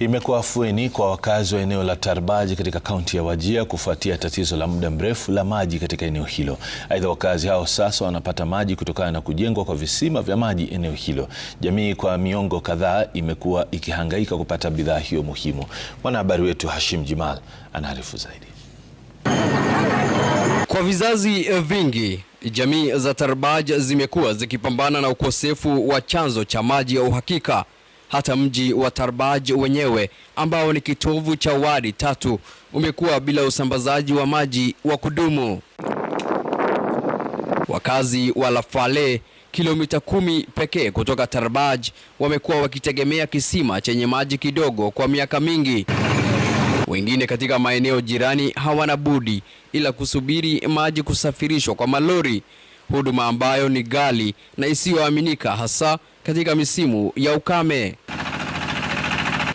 Imekuwa afueni kwa wakazi wa eneo la Tarbaji katika kaunti ya Wajir kufuatia tatizo la muda mrefu la maji katika eneo hilo. Aidha, wakazi hao sasa wanapata maji kutokana na kujengwa kwa visima vya maji eneo hilo. Jamii kwa miongo kadhaa imekuwa ikihangaika kupata bidhaa hiyo muhimu. Mwanahabari wetu Hashim Jimal anaarifu zaidi. Kwa vizazi eh, vingi jamii za Tarbaj zimekuwa zikipambana na ukosefu wa chanzo cha maji ya uhakika hata mji wa Tarbaj wenyewe ambao ni kitovu cha wadi tatu umekuwa bila usambazaji wa maji wa kudumu. Wakazi wa Lafale, kilomita kumi pekee kutoka Tarbaj, wamekuwa wakitegemea kisima chenye maji kidogo kwa miaka mingi. Wengine katika maeneo jirani hawana budi ila kusubiri maji kusafirishwa kwa malori, huduma ambayo ni ghali na isiyoaminika, hasa katika misimu ya ukame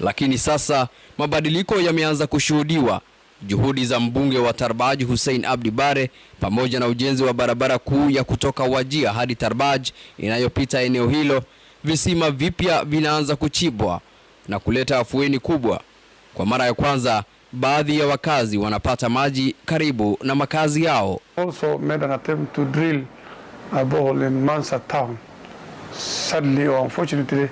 lakini sasa mabadiliko yameanza kushuhudiwa. Juhudi za mbunge wa Tarbaj Hussein Abdi Bare pamoja na ujenzi wa barabara kuu ya kutoka Wajia hadi Tarbaj inayopita eneo hilo, visima vipya vinaanza kuchimbwa na kuleta afueni kubwa. Kwa mara ya kwanza, baadhi ya wakazi wanapata maji karibu na makazi yao. Also made an attempt to drill a borehole in Mansa town. Sadly or unfortunately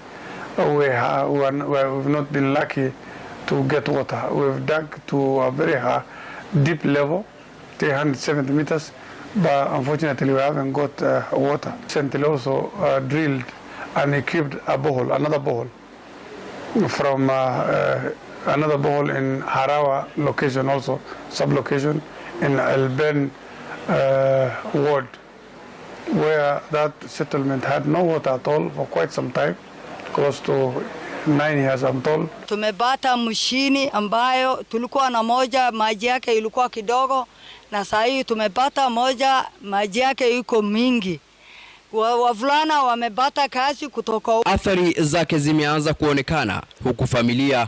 Oh, we, have, we, are, we have not been lucky to get water. We've dug to a very high, deep level, 370 meters, but unfortunately we haven't got uh, water. Sentinel also uh, drilled and equipped a borehole, another borehole, from uh, uh another borehole in Harawa location also, sub-location in Alban uh, ward, where that settlement had no water at all for quite some time. close to nine years I'm told. Tumepata mshini ambayo tulikuwa na moja maji yake ilikuwa kidogo, na saa hii tumepata moja maji yake iko mingi. Wavulana wamepata kazi kutoka. Athari zake zimeanza kuonekana huku familia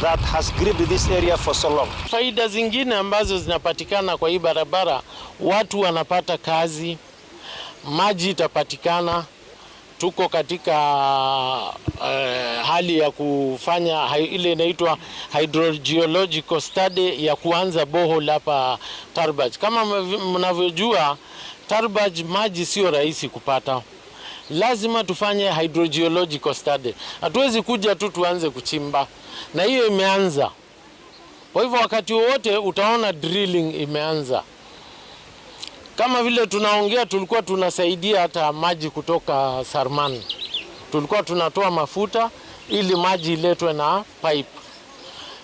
that has gripped this area for so long. Faida zingine ambazo zinapatikana kwa hii barabara, watu wanapata kazi, maji itapatikana. Tuko katika uh, hali ya kufanya ile inaitwa hydrogeological study ya kuanza bohol hapa Tarbaj. Kama mnavyojua, Tarbaj maji sio rahisi kupata lazima tufanye hydrogeological study. Hatuwezi kuja tu tuanze kuchimba, na hiyo imeanza. Kwa hivyo wakati wowote utaona drilling imeanza. Kama vile tunaongea, tulikuwa tunasaidia hata maji kutoka Sarman, tulikuwa tunatoa mafuta ili maji iletwe na pipe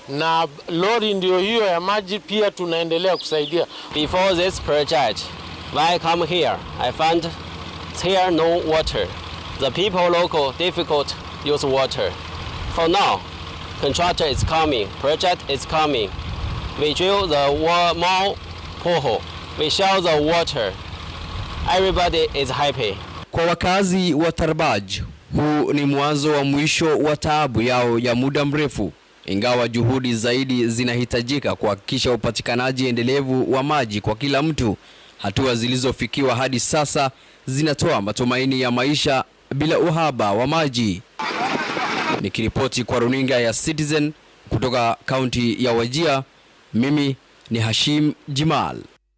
na lori ndio hiyo ya maji pia tunaendelea kusaidia. Before this project, when I come here, I found It's here no water. The people local difficult use water. For now, contractor is coming, project is coming. We drill the small poho. We shell the water. Everybody is happy. Kwa wakazi wa Tarbaj, huu ni mwanzo wa mwisho wa taabu yao ya muda mrefu, ingawa juhudi zaidi zinahitajika kuhakikisha upatikanaji endelevu wa maji kwa kila mtu, hatua zilizofikiwa hadi sasa zinatoa matumaini ya maisha bila uhaba wa maji. Nikiripoti kwa runinga ya Citizen kutoka kaunti ya Wajia, mimi ni Hashim Jimal.